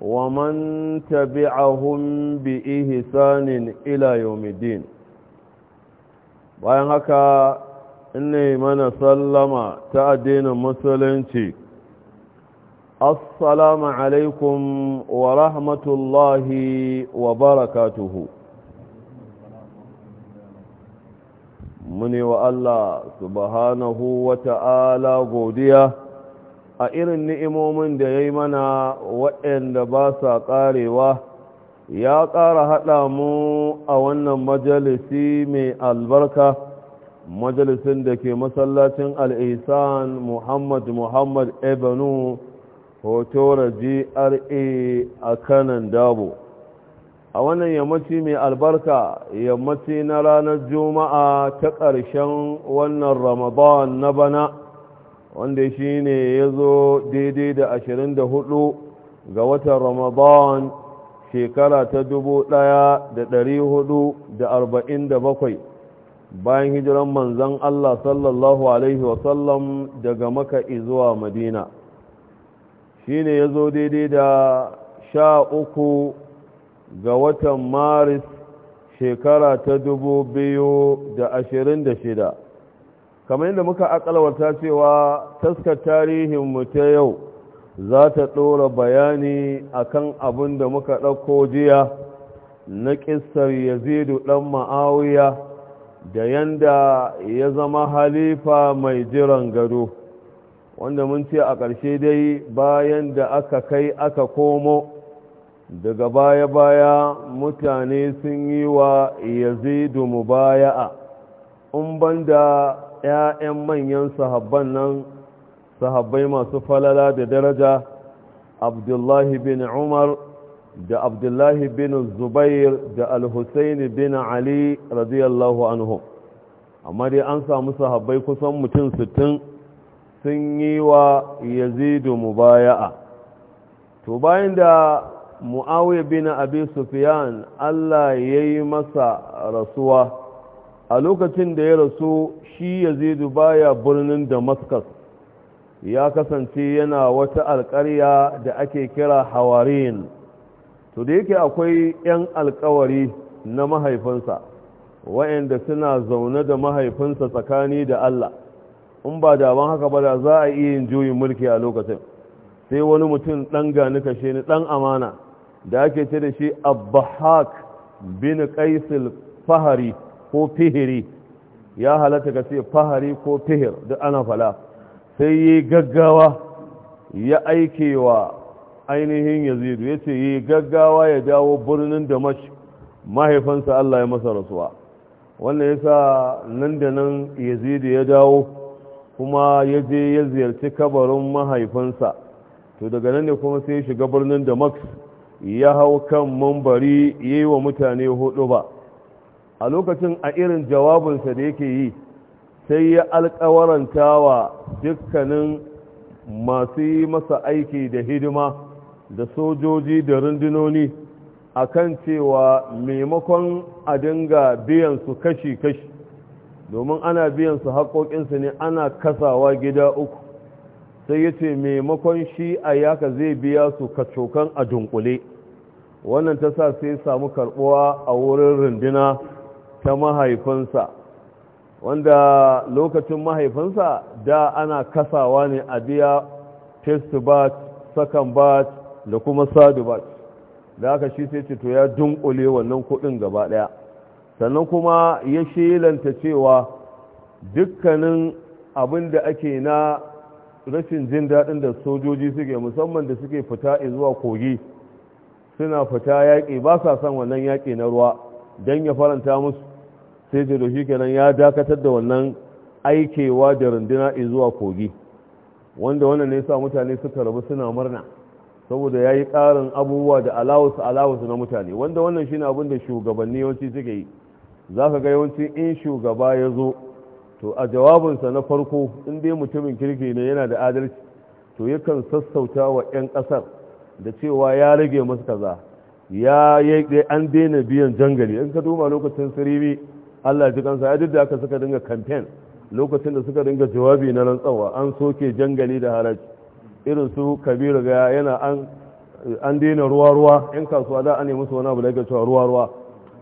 ومن تبعهم بإحسان إلى يوم الدين bayan haka ne mana sallama ta addinin musulunci assalamu alaikum wa rahmatullahi wa barakatuhu muni wa Allah subhanahu wa ta'ala godiya a irin ni'imomin da ya yi mana waɗanda ba sa ƙarewa ya ƙara haɗa mu a wannan majalisi mai albarka majalisin da ke masallacin al'isan muhammad muhammad hoto hotora gra a kanan dabo a wannan yammaci mai albarka yammaci na ranar juma'a ta ƙarshen wannan ramadan na bana wanda shi ne ya zo daidai da hudu ga watan ramadan shekara ta 1447 bayan hijiran manzan Allah sallallahu Alaihi wasallam daga maka zuwa madina shi ne ya zo daidai da sha uku ga watan maris shekara ta dubu biyu da shida. kamar yadda muka akalwata cewa taskar tarihin mu ta yau za ta ɗora bayani akan abin da muka ɗauko jiya na ƙistar yazidu ɗan ma'awiya da yanda ya zama halifa mai jiran gado wanda mun ce a ƙarshe dai bayan da aka kai aka komo daga baya-baya mutane sun yi wa yazidu mubaya'a in banda ‘ya'yan manyan sahabban nan sahabbai masu falala da daraja abdullahi bin umar da abdullahi bin zubair da al-husaini bin ali radiyallahu anhu amma dai an samu sahabbai kusan mutum sittin sun yi wa yazidu mubaya'a to bayan da mu'awiya bin abi sufiyan allah ya yi masa rasuwa a lokacin da ya rasu shi ya yazidu baya birnin damascus ya kasance yana wata alkarya da ake kira hawarin to da yake akwai 'yan alkawari na mahaifinsa wa'anda suna zaune da mahaifinsa tsakani da allah in ba da daban haka ba da za a iya yin juyin mulki a lokacin sai wani mutum ɗan gani kashe ni ɗan amana da ake ce da shi Abba haq bin kaisil fahari ko fihiri ya halatta ka ce fahari ko fihir da ana fala sai yi gaggawa ya aike wa ainihin yazidu ya ce yi gaggawa ya dawo birnin da mashi mahaifansa Allah ya masa rasuwa wannan ya sa nan da nan yazidu ya dawo kuma ya je ya ziyarci kabarin mahaifansa to daga nan ne kuma sai shiga birnin da maks ya hau kan mambari ya yi wa mutane hudu ba a lokacin a irin jawabinsa da yake yi sai ya alkawaranta wa dukkanin masu yi masa aiki da hidima da sojoji da rundunoni a kan cewa maimakon a dinga biyan su kashi-kashi domin ana biyan su haƙoƙinsu ne ana kasawa gida uku sai ya ce maimakon shi a yaka zai biya su kacokan a dunkule wannan ta sa sai samu karɓuwa a wurin runduna ta mahaifinsa wanda lokacin mahaifinsa da ana kasawa ne a biya second batch da kuma batch da aka shi sai ce to ya dunkule wannan kudin gaba daya sannan kuma ya shelanta cewa dukkanin abin da ake na rashin jin daɗin da sojoji suke musamman da suke fita zuwa kogi suna fita yaƙi ba sa son wannan yaƙi na ruwa don ya faranta musu sai da shi kenan ya dakatar da wannan aikewa da runduna zuwa kogi wanda wannan ne sa mutane suka rabu suna murna saboda ya yi ƙarin abubuwa da alawus alawus na mutane wanda wannan shine abin da shugabanni yawanci suke yi za ka ga yawanci in shugaba ya zo to a jawabinsa na farko in dai mutumin kirki ne yana da adalci to yakan sassauta wa 'yan ƙasar da cewa ya rage masu kaza ya yi an daina biyan jangali in ka duba lokacin siribi Allah ji kansa ya da aka suka dinga campaign lokacin da suka dinga jawabi na rantsawa an soke jangali da haraji irin su kabiru ga yana an an daina ruwa ruwa yan kasuwa da an yi musu wani abu da cewa ruwa ruwa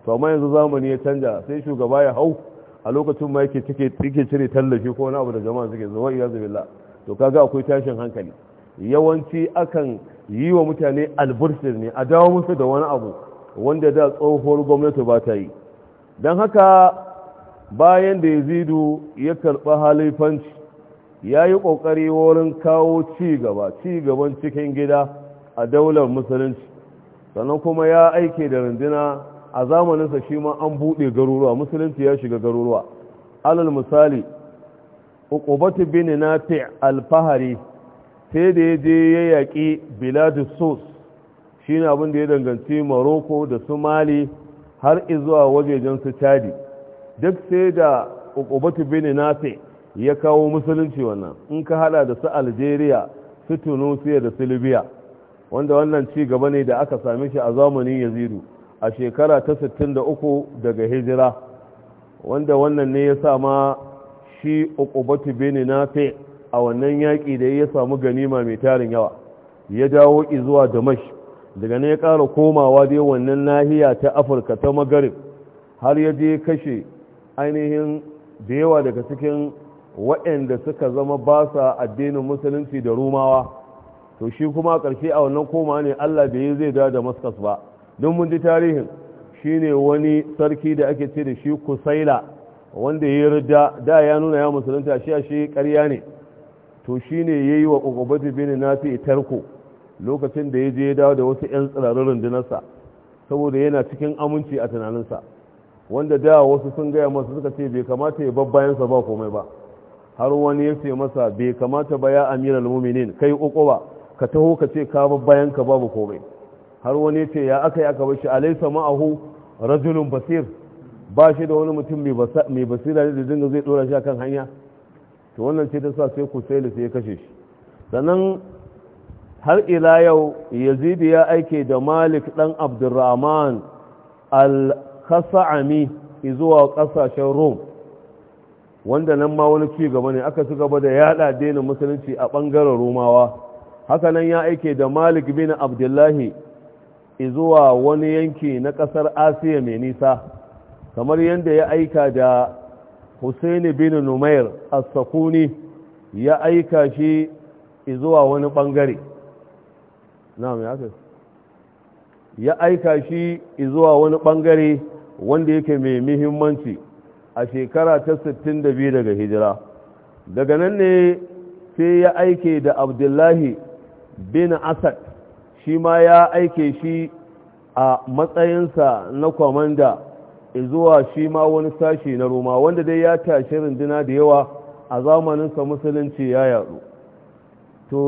to amma yanzu zamani ya canja sai shugaba ya hau a lokacin ma yake cike yake cire tallafi ko wani abu da jama'a suke zuwa iya zubilla to kaga akwai tashin hankali yawanci akan yi wa mutane albursir ne a dawo musu da wani abu wanda da tsohuwar gwamnati ba ta yi don haka bayan da yazidu ya karɓi halifanci ya yi ƙoƙari wurin kawo ci gaba gaban cikin gida a daular musulunci sannan kuma ya aike da rundina a zamaninsa shi ma an buɗe garuruwa musulunci ya shiga garuruwa alal misali uqubatu bin nafi' sai da ya je ya yaƙi biladus sus shine abin da ya danganci Maroko da Somali har izuwa wajejen su cadi duk sai da ukubatu bin nafi ya kawo musulunci wannan in ka hada da su algeria su tunisia da su libya wanda wannan ci gaba ne da aka same shi a zamanin yazidu a shekara ta 63 daga hijira wanda wannan ne ya sa ma shi ukubatu bin nafi a wannan yaki da ya samu ganima mai tarin yawa ya dawo izuwa damash daga ne ya ƙara komawa dai wannan nahiya ta afirka ta magarib har ya je kashe ainihin da yawa daga cikin waɗanda suka zama ba sa addinin musulunci da rumawa to shi kuma ƙarshe a wannan koma ne allah da ya zai da da maskas ba don mun ji tarihin shine wani sarki da ake ce da shi kusaila wanda ya rida da ya nuna ya musulunta shi a shi ƙarya ne to shine ya yi wa ƙwaƙwabatu bin nasi tarko lokacin da ya je ya dawo da wasu 'yan tsirarin rundunarsa saboda yana cikin aminci a tunaninsa wanda da wasu sun gaya masa suka ce bai kamata ya babbayansa ba komai ba har wani ya ce masa bai kamata ba ya amira lumuminin muminin kai uku ba ka taho ka ce ka babbayanka babu komai har wani ya ce ya aka yi aka bashi alaisa ma'ahu rajulun basir ba shi da wani mutum mai basira ne da dinga zai dora shi kan hanya to wannan ce ta sa sai ku sai ya kashe shi sannan har ila yau yazid ya aike da malik ɗan abdurrahman al-khasa'ami izuwa kasashen rom wanda nan ma wani ci gaba ne aka ci gaba da yada daina musulunci a ɓangaren romawa haka nan ya aike da malik bin abdullahi izuwa wani yanki na ƙasar asiya mai nisa kamar yadda ya aika da husaini bin numair as-sakuni ya aika shi izuwa wani ɓangare. na'am ya ya aika shi zuwa wani bangare wanda yake mai muhimmanci a shekara ta 62 daga hijira daga nan ne sai ya aike da abdullahi bin asad shi ma ya aike shi a matsayinsa na kwamanda izuwa shi ma wani sashi na roma wanda dai ya tashi runduna da yawa a zamaninsa musulunci ya yaro to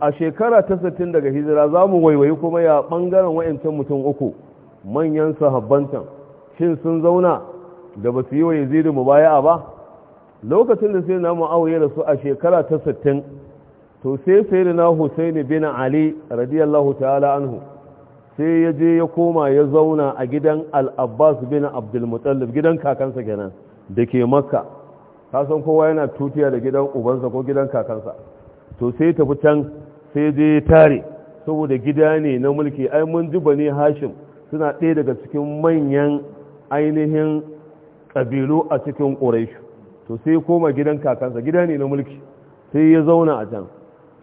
a shekara ta sittin daga hijira za mu waiwayi kuma ya ɓangaren wa'yancan mutum uku manyan sahabbantan shin sun zauna da ba su yi wa yanzu mu baya ba lokacin da sai na mu'awiyar da su a shekara ta 60 to sai sai da na husaini bin ali radiyallahu ta'ala anhu sai ya je ya koma ya zauna a gidan al'abbas bin abdulmutallif gidan kakansa kenan da ke makka kasan kowa yana tutiya da gidan ubansa ko gidan kakansa to sai tafi can sai je tare saboda gida ne na mulki ai mun ji ne hashim suna ɗaya daga cikin manyan ainihin ƙabilu a cikin ƙoraishu to sai koma gidan kakansa gida ne na mulki sai ya zauna a can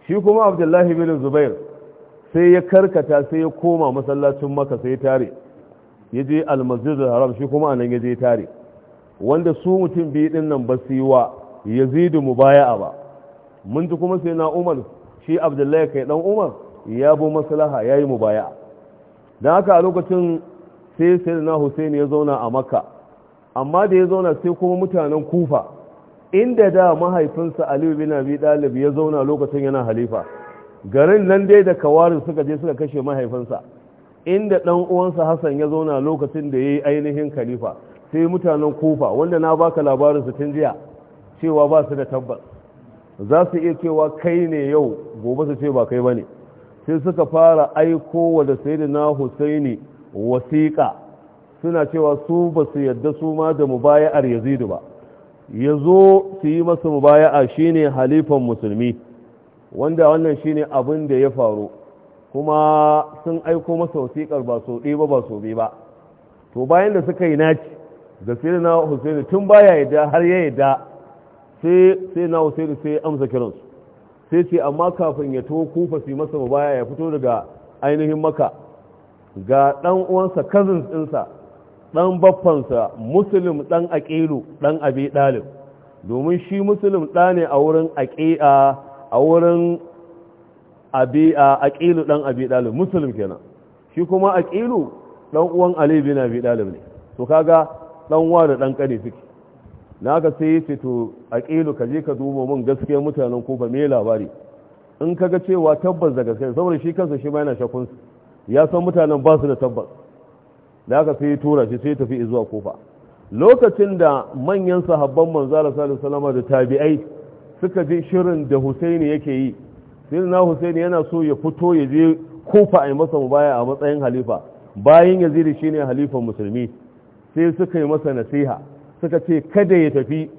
shi kuma abdullahi bin zubair sai ya karkata sai ya koma masallacin maka sai ya tare ya je almasjid haram shi kuma anan ya je tare wanda su mutum biyu din nan ba su yi wa yazidu mubaya'a ba mun ji kuma sai na umar shi abdullahi kai dan umar ya bu maslaha ya yi mubaya don haka a lokacin sai sai na hussein ya zauna a makka amma da ya zauna sai kuma mutanen kufa inda da mahaifinsa aliyu bin abi dalib ya zauna lokacin yana halifa garin nan dai da kawarin suka je suka kashe mahaifinsa inda dan uwansa hassan ya zauna lokacin da ya yi ainihin khalifa sai mutanen kufa wanda na baka labarin su tun jiya cewa ba su da tabbas za su iya cewa kai ne yau gobe su ce ba kai ba ne sai suka fara aiko wa da na husaini wasiƙa suna cewa su ba su yadda su ma da mubaya'ar yazidu ba ya zo su yi masa mubaya'a ne halifan musulmi wanda wannan shi ne abin da ya faru kuma sun aiko masa wasiƙar ba so ɗi ba ba so bi ba to bayan da suka yi naci da na husaini tun baya yadda har ya yadda sai sai da sai amsa kiransu sai ce amma kafin ya to kufa su masa baya ya fito daga ainihin maka ga dan uwansa cousins ɗinsa dan baffansa muslim dan aqilu dan abi dalib domin shi muslim da ne a wurin aqi'a a wurin abi aqilu dan abi dalib muslim kenan shi kuma aqilu dan uwan ali bin abi dalib ne to kaga dan wa da dan kare suke na ga sai ya ce a ƙilu ka je ka dubo min gaskiya mutanen kofa me labari in ka ga cewa tabbas da gaskiya saboda shi kansa shi ma yana shakun ya san mutanen ba su da tabbas da ka sai tura shi sai tafi zuwa kofa lokacin da manyan sahabban manzara sallallahu salama da tabi'ai suka ji shirin da husaini yake yi sai na husaini yana so ya fito ya je kofa a yi masa mubaya a matsayin halifa bayan shi shine halifan musulmi sai suka yi masa nasiha suka ce kada ya tafi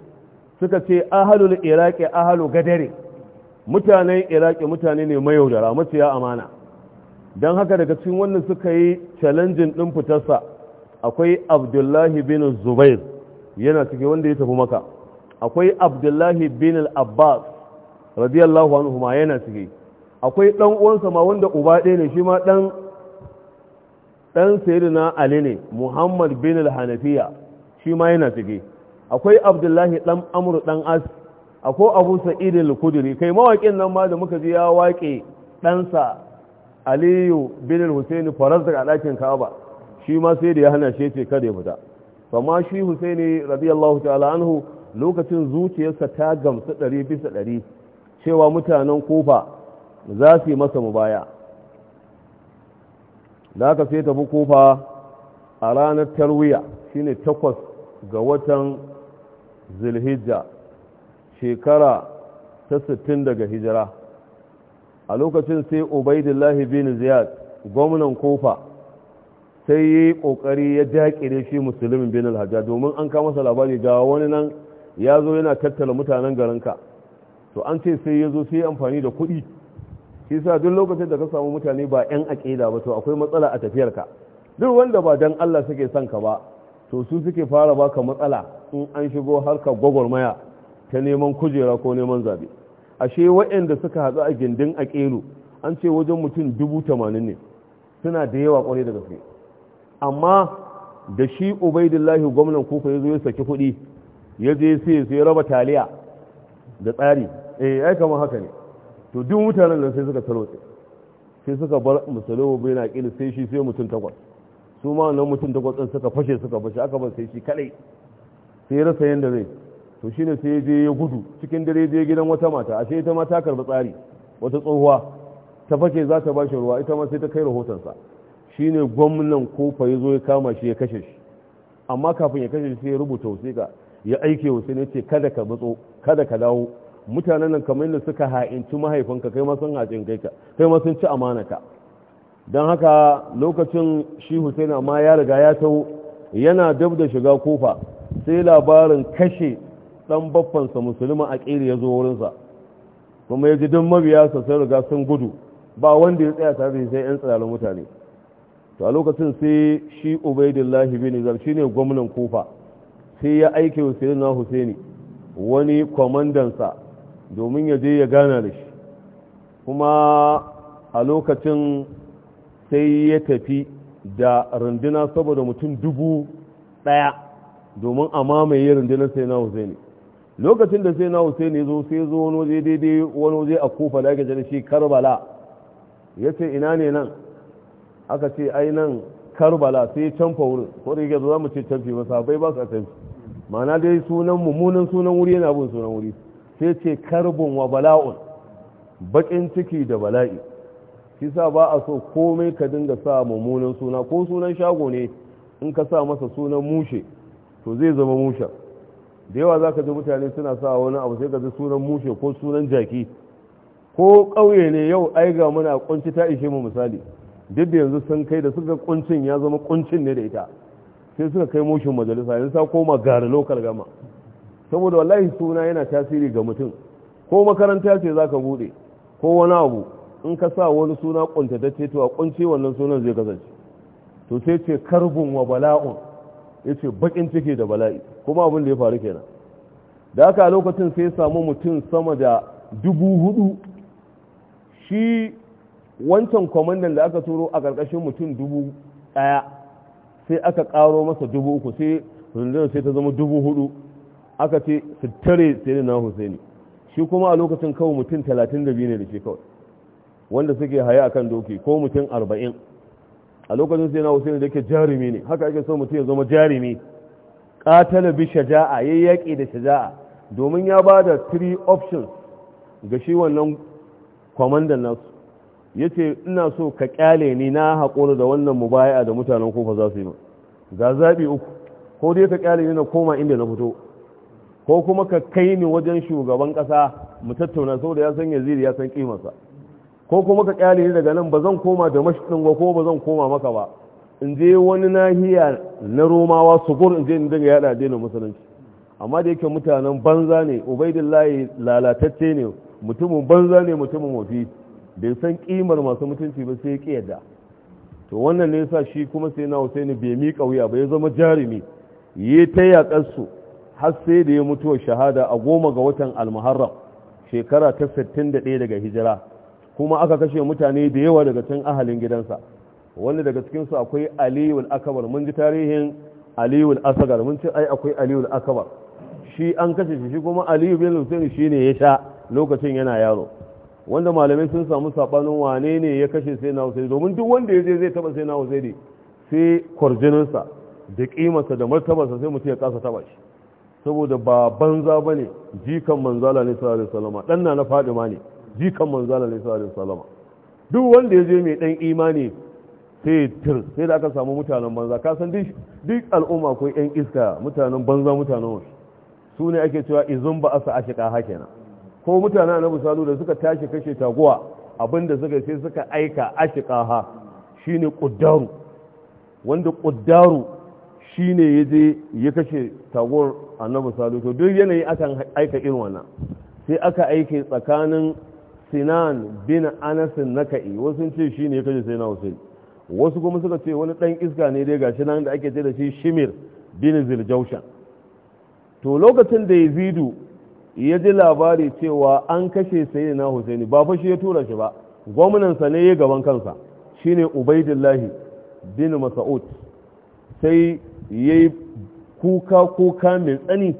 suka ce ahalul iraki ahalu gadare mutanen iraki mutane ne mayaudara maciya amana don haka daga cikin wannan suka yi challenging din fitarsa akwai abdullahi bin zubair yana cike wanda ya tafi maka akwai abdullahi bin abbas radiyallahu anhu ma yana ciki akwai dan uwansa ma wanda uba ɗaya ne shi ma dan dan sayyidina ali ne muhammad bin al-hanafiya shi ma yana ciki akwai abdullahi dan amur dan as akwai abu sa'idu al kuduri kai mawaƙin nan ma da muka ji ya waƙe ɗansa aliyu bin al-husaini faras daga ɗakin ka'aba shi ma sai da ya hana shi ce kada ya fita amma shi husaini radiyallahu ta'ala anhu lokacin zuciyarsa ta gamsu ɗari bisa ɗari cewa mutanen kofa za su yi masa mubaya da aka sai tafi kofa a ranar tarwiya shine takwas ga watan zulhijja shekara ta 60 daga hijira a lokacin sai ubaidillahi bin ziyad gwamnan kofa sai yi kokari ya dakire shi musulmin bin alhajja domin an kama masa labari ga wani nan ya zo yana tattala mutanen garinka to an ce sai ya zo sai amfani da kuɗi shi sa duk lokacin da ka samu mutane ba 'yan aƙida ba to akwai matsala a ka. duk wanda ba dan Allah suke son ka ba to su suke fara baka matsala in an shigo harka gwagwarmaya ta neman kujera ko neman zabe ashe wayanda suka hadu a gindin a ƙelu an ce wajen mutum dubu tamanin ne suna da yawa kwarai da gaske amma da shi ubaidillahi gwamnan kuka ya zo ya saki kuɗi ya je sai sai raba taliya da tsari eh ai kamar haka ne to duk mutanen nan sai suka tarotse sai suka bar musulmi bai na ƙil sai shi sai mutum takwas su ma wannan mutum da kwatsan suka fashe suka fashe aka ba sai shi kadai sai rasa yanda zai to shine sai ya je ya gudu cikin dare je gidan wata mata a sai ita ma ta karbi tsari wata tsohuwa ta fashe za ta bashi ruwa ita ma sai ta kai rahotonsa shine gwamnan kofa ya zo ya kama shi ya kashe shi amma kafin ya kashe shi sai ya rubuta wasiƙa ya aike wasu ne ce kada ka matso kada ka dawo mutanen nan kamar yadda suka ha'inci mahaifinka kai ma sun ha'inci kai ka kai ma sun ci amanaka don haka lokacin shi hussein amma ya riga ya tau yana dab da shiga kofa sai labarin kashe dan baffansa musulma a ƙiri ya zo wurinsa kuma ya ji don mabiyarsa sai riga sun gudu ba wanda ya tsaya tare da sai 'yan tsirarin mutane to a lokacin sai shi ubaidillahi bin zar ne gwamnan kofa sai ya aike hussein na hussein wani kwamandansa domin ya je ya gana da shi kuma a lokacin sai ya tafi da runduna saboda mutum dubu ɗaya domin a mamaye rundunar sai na husaini lokacin da sai na ya zo sai zo wani waje daidai wani waje a kofa da ake jana shi karbala ya ce ina ne nan aka ce ai nan karbala sai ya canfa wurin ko da yake za mu ce canfi masa bai ba su a canfi ma'ana dai sunan mummunan sunan wuri yana bin sunan wuri sai ce karbun wa bala'un baƙin ciki da bala'i shi sa ba a so komai ka dinga sa mummunan suna ko sunan shago ne in ka sa masa sunan mushe to zai zama mushe da yawa za ka ji mutane suna sa wani abu sai ka ji sunan mushe ko sunan jaki ko ƙauye ne yau aiga ga muna kunci ta ishe mu misali duk da yanzu sun kai da suka kuncin ya zama kuncin ne da ita sai suka kai mushin majalisa yanzu ta koma gari lokal gama saboda wallahi suna yana tasiri ga mutum ko makaranta ce za ka buɗe ko wani abu in ka sa wani suna kuntatacce to a kunce wannan sunan zai kasance to sai ce karbun wa bala'un yace bakin ciki da bala'i kuma abin da ya faru kenan da aka a lokacin sai ya samu mutum sama da dubu hudu shi wancan kwamandan da aka turo a karkashin mutum dubu ɗaya sai aka karo masa dubu uku sai rundunar sai ta zama dubu hudu aka ce su tare sai na husaini shi kuma a lokacin kawai mutum talatin da biyu ne da shi kawai wanda suke haya kan doki ko mutum arba'in a lokacin sai na husaini da ke jarumi ne haka ake so mutum ya zama jarumi ƙatala bi shaja'a yi yaƙi da shaja'a domin ya ba da three options ga shi wannan kwamandan nasu ce ina so ka kyale ni na haƙura da wannan mubaya'a da mutanen kofa za su yi ga zaɓi uku ko dai ka kyale ni na koma inda na fito ko kuma ka kai ni wajen shugaban ƙasa mu tattauna saboda ya san yaziri ya san kimarsa ko kuma ka kyale ni daga nan ba zan koma da mashiɗin ba ko ba zan koma maka ba in je wani nahiya na romawa su gur in je in daga yada addinin musulunci amma da yake mutanen banza ne ubaidillahi lalatacce ne mutumin banza ne mutumin wafi. bai san kimar masu mutunci ba sai ya yadda. to wannan ne yasa shi kuma sai na Husaini bai mi kauya ba ya zama jarumi yi ta yakar su har sai da ya mutuwa shahada a goma ga watan almuharram shekara ta 61 daga hijira kuma aka kashe mutane da yawa daga cikin ahalin gidansa wanda daga cikinsu akwai aliyul akabar mun ji tarihin aliyul asagar mun ce ai akwai aliyul akabar shi an kashe shi kuma aliyu bin lusaini shi ne ya sha lokacin yana yaro wanda malamai sun samu sabanin wane ne ya kashe sai na husaini domin duk wanda ya je zai taba sai na husaini sai kwarjininsa da kimarsa da martabarsa sai mutum ya kasa taba shi saboda ba banza bane jikan manzala ne sallallahu alaihi wasallam dan na na fadima ne jikan manzo Allah sallallahu alaihi duk wanda ya je mai dan imani sai tir sai da aka samu mutanen banza ka san duk al'umma ko yan iska mutanen banza mutanen wasu su ne ake cewa izun ba asa ashika hakena ko mutanen annabi salu da suka tashi kashe taguwa abinda suka sai suka aika ashika ha shine kuddaru wanda kuddaru shine yaje ya kashe taguwar annabi salu to duk yanayi akan aika irin wannan sai aka aike tsakanin sinan bin anas naka'i wasu sun ce shi ne kaji sai na husain wasu kuma suka ce wani dan iska ne dai gashi nan da ake ce da shi shimir bin ziljaushan to lokacin da yazidu ya ji labari cewa an kashe sayyidina husaini ba fa shi ya tura shi ba gwamnansa ne ya gaban kansa shine ubaidillahi bin mas'ud sai yayi kuka kuka mai tsani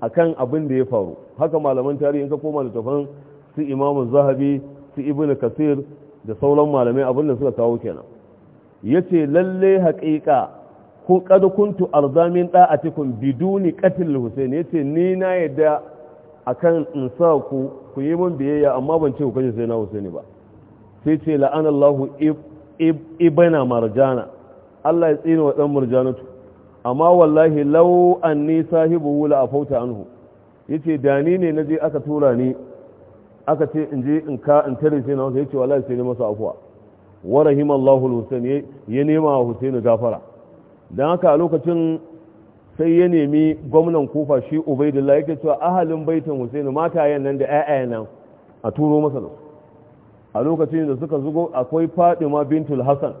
akan abin da ya faru haka malaman tarihi in ka koma da su imamun zahabi su ibn kasir da sauran malamai abin da suka kawo kenan yace lalle haƙiƙa ko kad kuntu arzamin da'atikum biduni hussein ya ce ni na yadda akan in sa ku ku yi min biyayya amma ban ce ku kaje sai na hussein ba sai ce la'an allahu ibana marjana Allah ya tsina wa ɗan marjanatu amma wallahi ni sahibu wula a fauta anhu yace da ni ne na je aka tura ni aka ce in je in ka in tare sai na ya ce wallahi sai ne masa afuwa wa rahimallahu al-husayn ya nema wa husaini gafara dan haka a lokacin sai ya nemi gwamnan kufa shi ubaidullah yake cewa ahalin baitin mata yan nan da ayaya nan a turo masa da a lokacin da suka zugo akwai fadima bintul hasan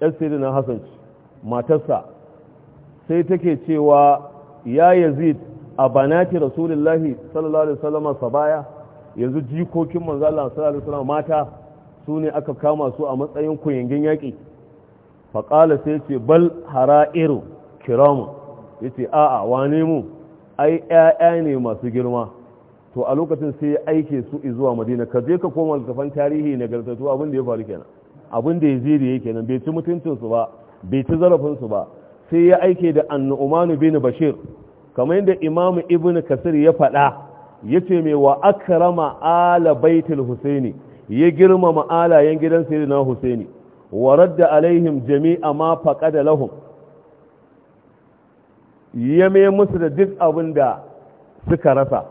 yar sayyidina hasan matarsa sai take cewa ya yazid a banati rasulullahi sallallahu alaihi wasallam sabaya yanzu jikokin manzo Allah sallallahu alaihi wasallam mata su ne aka kama su a matsayin kuyangin yaƙi faƙala sai ce bal hara'iru kiramu yace ce a'a wane mu ai ƴaƴa ne masu girma to a lokacin sai ya aike su zuwa madina ka je ka koma littafan tarihi na gartattu abin da ya faru kenan abin da ya ziri yake kenan bai ci mutuncinsu ba bai ci su ba sai ya aike da umanu bin bashir kamar yadda imamu ibnu kasir ya faɗa yace mai wa aka rama ala baitul husaini ya girmama alayen gidan na husaini wa radda alaihim jami'a ma da lahum ya mai musu da duk abin da suka rasa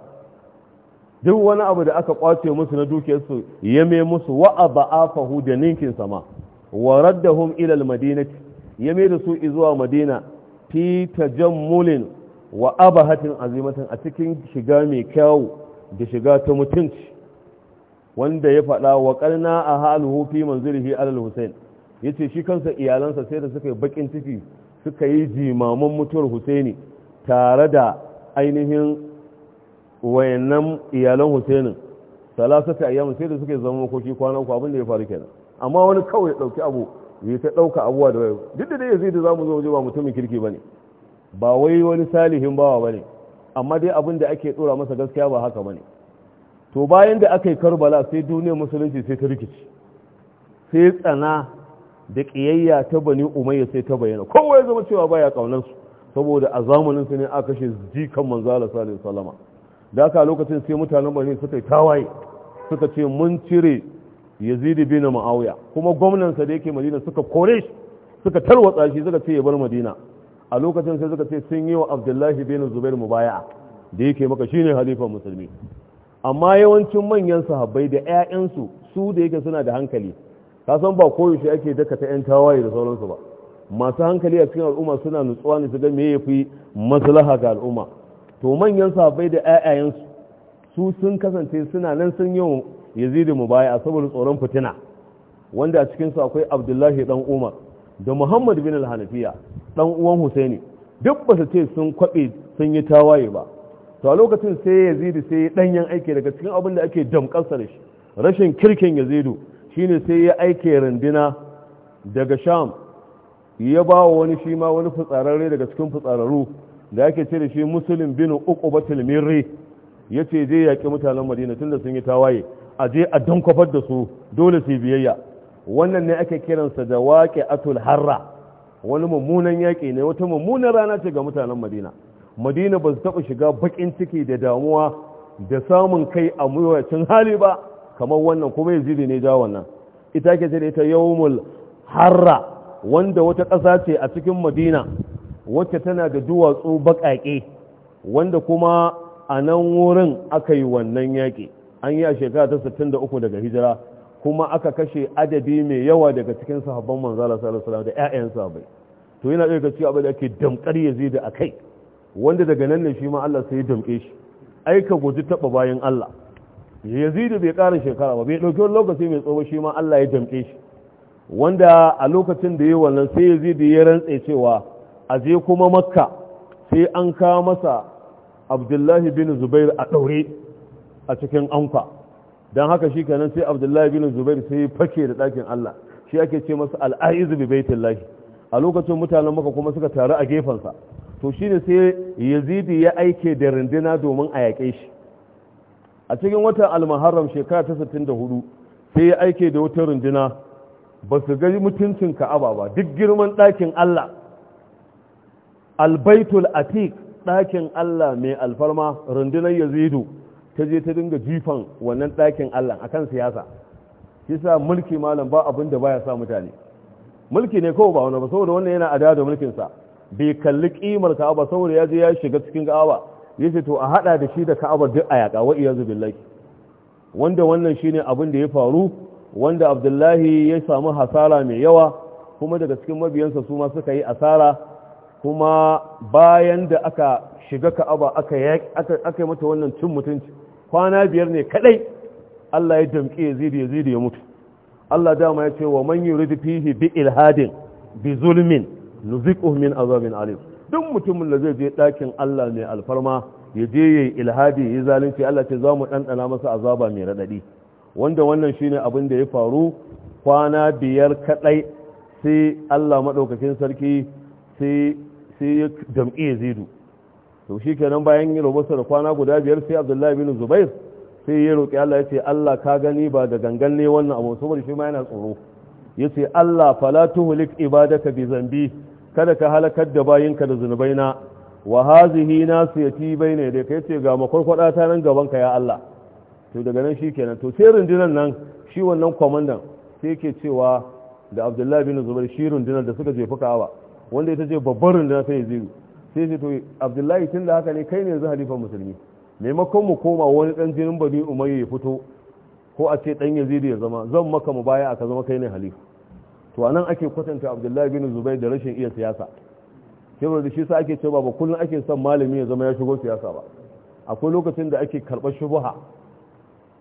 duk wani abu da aka kwace musu na dukiyarsu ya mai musu wa aba'afahu da ninkin sama wa raddahum ila al-madinati ya mai da su zuwa madina fi tajammulin wa abahatin azimatin a cikin shiga mai kyau da shiga ta mutunci wanda ya faɗa wa ƙarna a haluhu fi manzilihi alal hussein ya ce shi kansa iyalansa sai da suka yi baƙin ciki suka yi jimaman mutuwar husaini tare da ainihin wayannan iyalan salasa ta ayyamu sai da suka yi zama makoki kwana uku abin da ya faru kenan amma wani kawai ya ɗauki abu ya ta ɗauka abuwa da wayo duk da dai ya da za mu zo waje ba mutumin kirki ba ne ba wai wani salihin bawa ba ne amma dai abin da ake tsora masa gaskiya ba haka ne to bayan da aka yi karbala sai duniyar musulunci sai ta rikici sai tsana da ƙiyayya ta bani umayya sai ta bayyana kowa zama cewa baya kaunar su saboda a zamanin su ne aka kashe jikan manzo Allah sallallahu alaihi da haka lokacin sai mutanen bani suka yi tawaye suka ce mun cire Yazid bin ma'auya kuma gwamnan sa da yake Madina suka kore shi suka tarwatsa shi suka ce ya bar Madina a lokacin sai suka ce sun yi wa abdullahi bin zubair mubaya da yake maka shine halifan musulmi amma yawancin manyan sahabbai da 'ya'yansu su da yake suna da hankali ka san ba koyaushe ake daka ta 'yan tawaye da sauransu ba masu hankali a cikin al'umma suna nutsuwa ne su ga me yafi maslaha ga al'umma to manyan sahabbai da 'ya'yansu su sun kasance suna nan sun yi yazidu mubaya saboda tsoron fitina wanda a cikinsu akwai abdullahi dan umar da muhammad bin al-hanafiya dan uwan husaini duk ba su ce sun kwaɓe sun yi tawaye ba to a lokacin sai yazidu sai ya danyen aiki daga cikin abin da ake damƙarsa da shi rashin kirkin yazidu shine sai ya aike rundina daga sham ya ba wa wani shi ma wani fitsararre daga cikin fitsararru da ake ce da shi musulun bin uqubatul mirri ya ce je yaƙi mutanen madina tun da sun yi tawaye a je a dankwafar da su dole su biyayya wannan ne ake kiransa da waƙe atul harra wani mummunan yaƙi ne wata mummunan rana ce ga mutanen madina madina ba su taɓa shiga baƙin ciki da damuwa da samun kai a mawacin hali ba kamar wannan kuma yazidi ne ja wannan ita ke ce da ita yawmul harra wanda wata ƙasa ce a cikin madina wacce tana da duwatsu baƙaƙe wanda kuma a nan wurin aka yi wannan yaƙi an yi a shekara ta 63 daga hijira kuma aka kashe adadi mai yawa daga cikin sahabban manzala sallallahu alaihi da ƴaƴan sahabbai to yana daga cikin abin da ake damkar yazid a kai wanda daga nan ne shi ma Allah sai ya damke shi ai ka guji taba bayan Allah yazid bai ƙara shekara ba bai dauki lokaci mai tsawo shi ma Allah ya damke shi wanda a lokacin da yayi wannan sai yazid ya rantse cewa a je kuma makka sai an kawo masa abdullahi bin zubair a daure a cikin anka don haka shi kenan sai abdullahi bin zubair sai ya fake da ɗakin allah shi ake ce masa al'aizu bi lahi a lokacin mutanen maka kuma suka taru a gefensa to shi ne sai yazidi ya aike da rindina domin a yaƙe shi a cikin watan almaharram shekara ta 64 sai ya aike da wata runduna ba su ga mutuncin ka'aba ba duk girman ɗakin Allah albaitul atik ɗakin Allah mai alfarma rundunar yazidu ta je ta dinga jifan wannan ɗakin Allah akan siyasa shi sa mulki malam ba abin da baya sa mutane mulki ne kawai ba wani ba saboda wannan yana adada da mulkinsa bai kalli kimar ka'aba saboda ya je ya shiga cikin ka'aba ya ce to a haɗa da shi da ka'aba duk a yaƙa wa iyazu billahi wanda wannan shine abin da ya faru wanda abdullahi ya samu hasara mai yawa kuma daga cikin mabiyansa su ma suka yi asara kuma bayan da aka shiga ka'aba aka yi mata wannan cin mutunci kwana biyar ne kadai Allah ya damƙi ya zidi ya mutu Allah dama ya ce wa man yurid fihi bi ilhadin bi zulmin nuziquhu min azabin alim duk mutumin da zai je dakin Allah mai alfarma ya je yayi ilhadi yayi zalunci Allah ce za mu ɗanɗana masa azaba mai raɗaɗi wanda wannan shine abin da ya faru kwana biyar kadai sai Allah madaukakin sarki sai sai ya damƙi to shi kenan bayan yi robarsa da kwana guda biyar sai abdullahi bin zubair sai ya roƙi allah ya ce allah ka gani ba da gangan ne wannan abu saboda shi ma yana tsoro ya ce allah fala tuhlik ibadaka bi zambi kada ka halakar da bayinka da zunubaina wa hazihi nasiyati ne da kai ce ga makwarkwada ta nan gaban ka ya allah to daga nan shi kenan to sai rundunar nan shi wannan kwamandan sai ke cewa da abdullahi bin zubair shi rundunar da suka jefi wanda ita ce babbar rundunar sai ya sai ce to abdullahi tun da haka ne kai ne yanzu halifan musulmi maimakon mu koma wani dan jinin bani umayya ya fito ko a ce dan yazidi ya zama zan maka mu baya aka zama kai ne halifa to anan ake kwatanta abdullahi bin zubair da rashin iya siyasa kebar da shi sa ake cewa ba kullum ake son malami ya zama ya shigo siyasa ba akwai lokacin da ake karɓar shubuha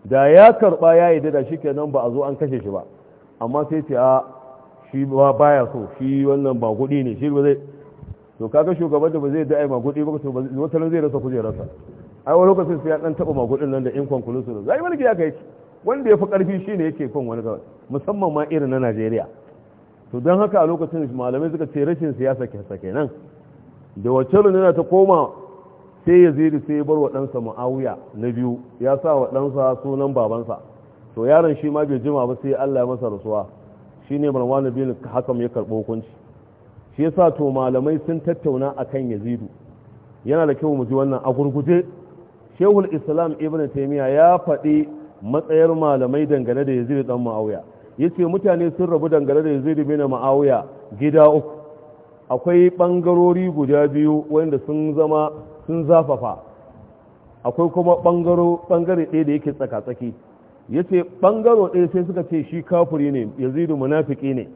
da ya karɓa ya yi da shi kenan ba a zo an kashe shi ba amma sai ce a shi ba baya so shi wannan ba kuɗi ne shi ba zai to kaga shugaban da ba zai da ai kuɗi ba to wata ran zai rasa kujerarsa ai wani lokacin sai ya dan taba magudin nan da in da zai mulki ya kai wanda ya fi karfi shine yake kan wani gaba musamman ma irin na Najeriya to don haka a lokacin malamai suka ce rashin siyasa sake nan da wacce rundunar ta koma sai ya ziri sai ya bar wa ɗansa ma'auya na biyu ya sa wa ɗansa sunan babansa to yaron shi ma bai jima ba sai Allah ya masa rasuwa shine marwanu bin hakam ya karɓo hukunci shi yasa to malamai sun tattauna akan yazidu yana da kyau mu ji wannan a gurguje shehul islam ibn taimiyya ya faɗi matsayar malamai dangane da yazidu dan ma'auya ya ce mutane sun rabu dangane da yazidu bin ma'auya gida uku akwai ɓangarori guda biyu wanda sun zama sun zafafa akwai kuma ɓangare ɗaya da yake tsaka-tsaki ya ce ɓangaro ɗaya sai suka ce shi kafuri ne yazidu munafiki ne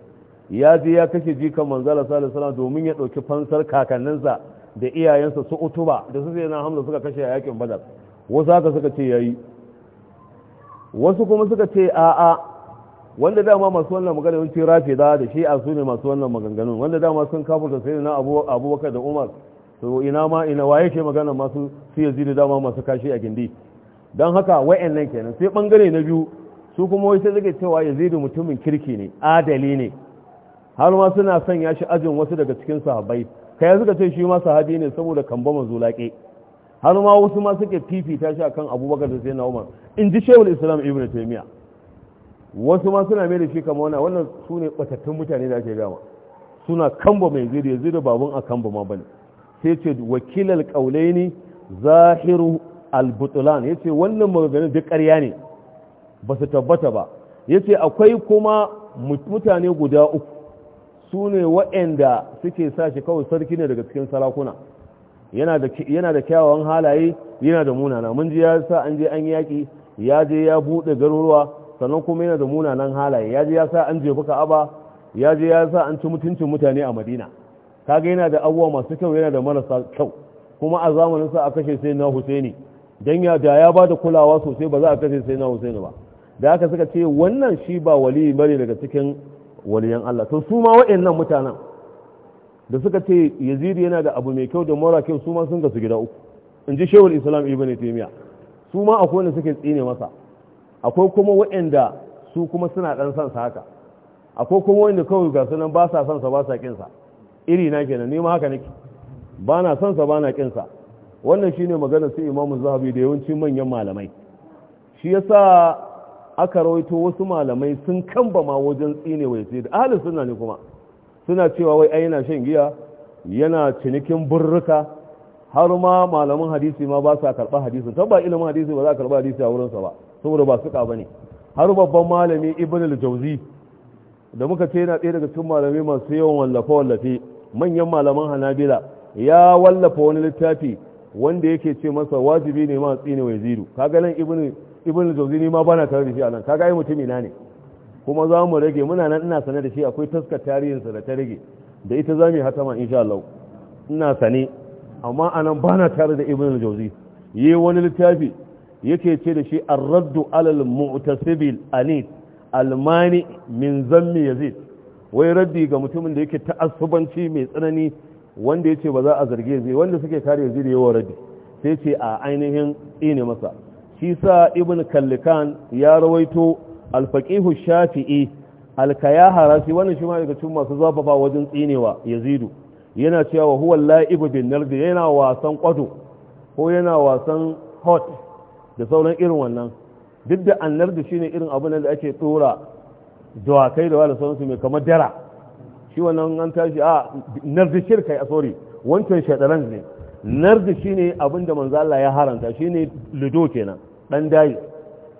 ya je ya kashe jikan manzala sallallahu alaihi domin ya dauki fansar kakanninsa da iyayensa su utuba da su sai na hamza suka kashe a yakin badar wasu haka suka ce yayi wasu kuma suka ce a'a wanda dama masu wannan magana yawanci rafi da da shi a su ne masu wannan maganganun wanda dama sun kafurta sai na abubakar da umar to ina ma ina waye ke magana masu su yanzu da dama masu kashi a gindi don haka wa'annan kenan sai bangare na biyu su kuma wai sai suka cewa yazidu mutumin kirki ne adali ne har ma suna ya shi ajin wasu daga cikin sahabbai kai suka ce shi ma sahabi ne saboda kamba manzo laƙe har ma wasu ma suke fifita shi akan abubakar da sayyidina umar in ji shehul islam ibn taymiya wasu ma suna mai da shi kamar wannan wannan su ne batattun mutane da ake gama suna kamba mai zira zira babun a kamba ma bane sai ce wakilal qaulaini zahiru al ya yace wannan maganganun duk ƙarya ne ba su tabbata ba yace akwai kuma mutane guda uku su ne waɗanda suke sa shi kawai sarki ne daga cikin sarakuna yana da kyawawan halaye yana da munana mun ji ya sa an je an yaƙi ya je ya buɗe garuruwa sannan kuma yana da munanan halaye ya je ya sa an jefi aba ya je ya sa an ci mutuncin mutane a madina kaga yana da abubuwa masu kyau yana da marasa kyau kuma a zamanin sa a kashe sai na husaini dan ya da ya ba da kulawa sosai ba za a kashe sai na husaini ba da aka suka ce wannan shi ba wali bane daga cikin waliyan Allah to su ma wa'annan mutanen da suka ce yazid yana da abu mai kyau da mara kyau su ma sun gasu gida uku in ji shehul islam ibn Taymiyyah su ma akwai wanda suke tsine masa akwai kuma wa'anda su kuma suna dan san sa haka akwai kuma wanda kawai ga sunan ba sa san sa ba sa kin sa iri na kenan nima ma haka nake ba na san sa ba na kin sa wannan shine maganar su Imam zahabi da yawancin manyan malamai shi yasa aka rawaito wasu malamai sun kambama wajen tsine wai sai da ahalin suna ne kuma suna cewa wai ai yana shan giya yana cinikin burruka har ma malamin hadisi ma ba sa karɓa hadisin ba ilimin hadisi ba za a karba hadisi a wurinsa ba saboda ba suka bane har babban malami ibn al-jawzi da muka ce yana ɗaya daga cikin malamai masu yawan wallafa wallafe manyan malaman hanabila ya wallafa wani littafi wanda yake ce masa wajibi ne ma tsine wai zidu kaga nan ibnu ibn jauzi ni ma bana tare da shi a kaga ai mutumi na ne kuma za mu rage muna nan ina sane da shi akwai taskar sa da ta rage da ita za mu yi hatama insha Allah ina sane amma anan bana tare da ibn jauzi yi wani littafi yake ce da shi ar-raddu alal mu'tasibil anid almani min zammi yazid wai raddi ga mutumin da yake ta'assubanci mai tsanani wanda yace ba za a zarge zai wanda suke kare yazid yawa raddi sai ce a ainihin ine masa shi sa ibn kallikan ya rawaito alfaqihu shafi'i alkayaha rasi wannan shi ma daga cikin masu zafafa wajen tsinewa yazidu yana cewa huwa la'ibu bin nardi yana wasan ƙwado ko yana wasan hot da sauran irin wannan duk da annar da shine irin abin da ake tsora dawakai da wani sauransu mai kamar dara shi wannan an tashi a nardi shirka ya sorry wancan shadaran ne nardi shine abin da Manzala ya haranta shine ludo kenan dan dayi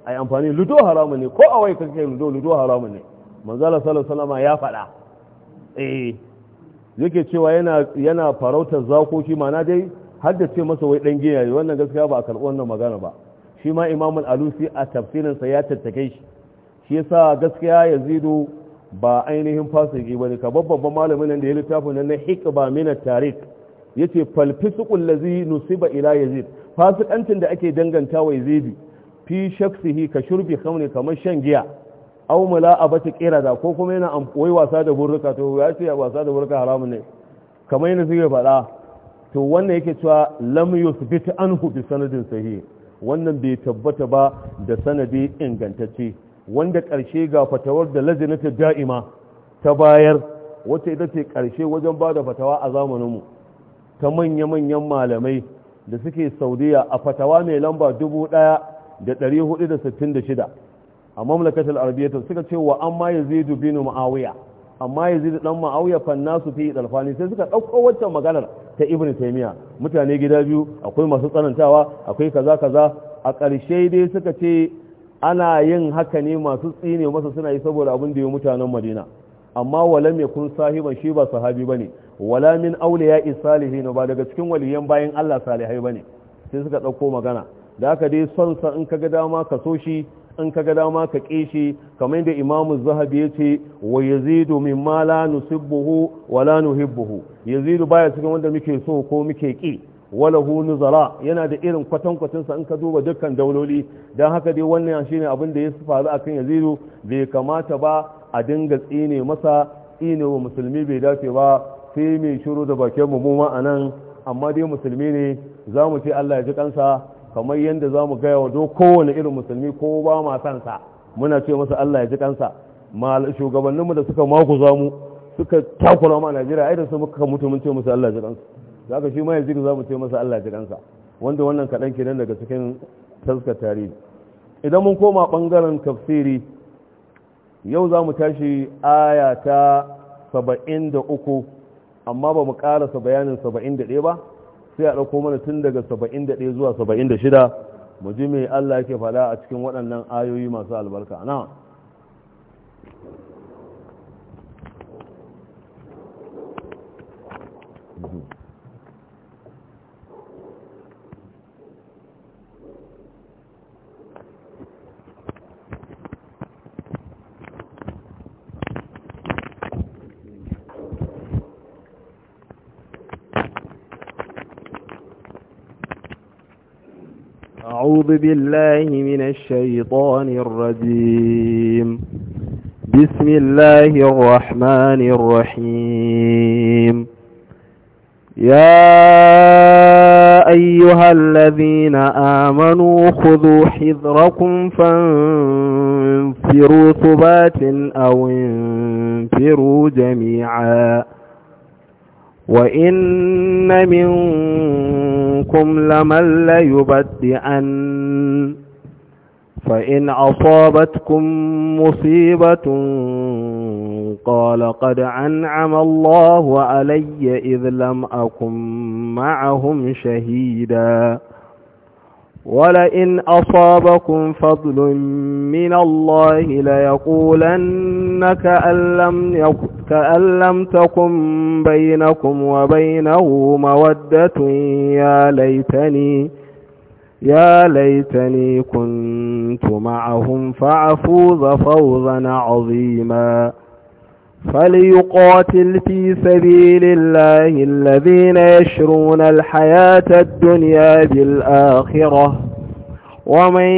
ai amfani ludo haramu ne ko awai kake ludo ludo haramu ne Allah sallallahu alaihi ya faɗa eh yake cewa yana yana farautar zakoki mana dai har da ce masa wai dan giya ne wannan gaskiya ba a karɓi wannan magana ba shi ma al alusi a tafsirin sa ya tattake shi shi yasa gaskiya yazidu ba ainihin fasiki bane ka babban malamin nan da ya littafin nan na hikba min at-tarik yace falfisuqul ladzi nusiba ila yazid fasikancin da ake danganta wa zebi fi shaksihi ka shurbi khamri kamar shan giya aw mula'abati qirada ko kuma yana amfani wasa da burka to ya ce wasa da burka haramun ne kamar yana suke faɗa to wannan yake cewa lam yusbit anhu bi sanadin sahih wannan bai tabbata ba da sanadi ingantacce wanda karshe ga fatawar da lazinata da'ima ta bayar wacce ita ce karshe wajen bada fatawa a zamanin mu ta manya-manyan malamai da suke saudiya a fatawa mai lamba 1466 a mamlakatar arabiyatar suka ce wa amma ya zai dubi ni ma'awiya amma ya zai dan ma'awiya fanna su fi dalfani sai suka ɗauko waccan maganar ta ibn taimiya mutane gida biyu akwai masu tsanantawa akwai kaza kaza a ƙarshe dai suka ce ana yin haka ne masu tsine masa suna yi saboda abin da ya mutanen madina amma walam yakun sahiban shi ba sahabi bane wala min auliya salihin ba daga cikin waliyan bayan Allah salihai bane sai suka dauko magana da aka dai son sa in kaga dama ka so shi in kaga dama ka ƙi kamar da Imam zahabi yace ce wa yazidu min ma la nusibbuhu wa la nuhibbuhu yazidu baya cikin wanda muke so ko muke ƙi wala hu nuzara yana da irin kwatankwacin sa in ka duba dukkan dauloli dan haka dai wannan shine abin da ya faru akan yazidu bai kamata ba a dinga tsine masa tsine wa musulmi bai dace ba sai mai shiru da bakin mu ma a nan amma dai musulmi ne za mu ce Allah ya ji kansa kamar yadda za mu gaya wa kowane irin musulmi ko ba ma sansa muna ce masa Allah ya ji kansa shugabanninmu da suka mako za mu suka takura ma Najeriya ai da su muka mutu mun ce masa Allah ya ji kansa za ka shi ma yanzu za mu ce masa Allah ya ji kansa wanda wannan kaɗan kenan daga cikin taskar tarihi idan mun koma ɓangaren tafsiri yau za mu tashi aya ta saba'in da uku amma ba mu ƙarasa bayanin 71 ba sai a ɗauko mana tun daga 71 zuwa da shida mu ji mai Allah yake faɗa a cikin waɗannan ayoyi masu albarka na Mm-hmm. أعوذ بالله من الشيطان الرجيم بسم الله الرحمن الرحيم يا أيها الذين آمنوا خذوا حذركم فانفروا ثبات أو انفروا جميعا وإن منكم لمن ليبدئن فإن أصابتكم مصيبة قال قد أنعم الله علي إذ لم أكن معهم شهيداً ولئن أصابكم فضل من الله ليقولن كأن لم, كأن لم تكن بينكم وبينه مودة يا ليتني يا ليتني كنت معهم فعفوز فوزا عظيما فليقاتل في سبيل الله الذين يشرون الحياة الدنيا بالآخرة ومن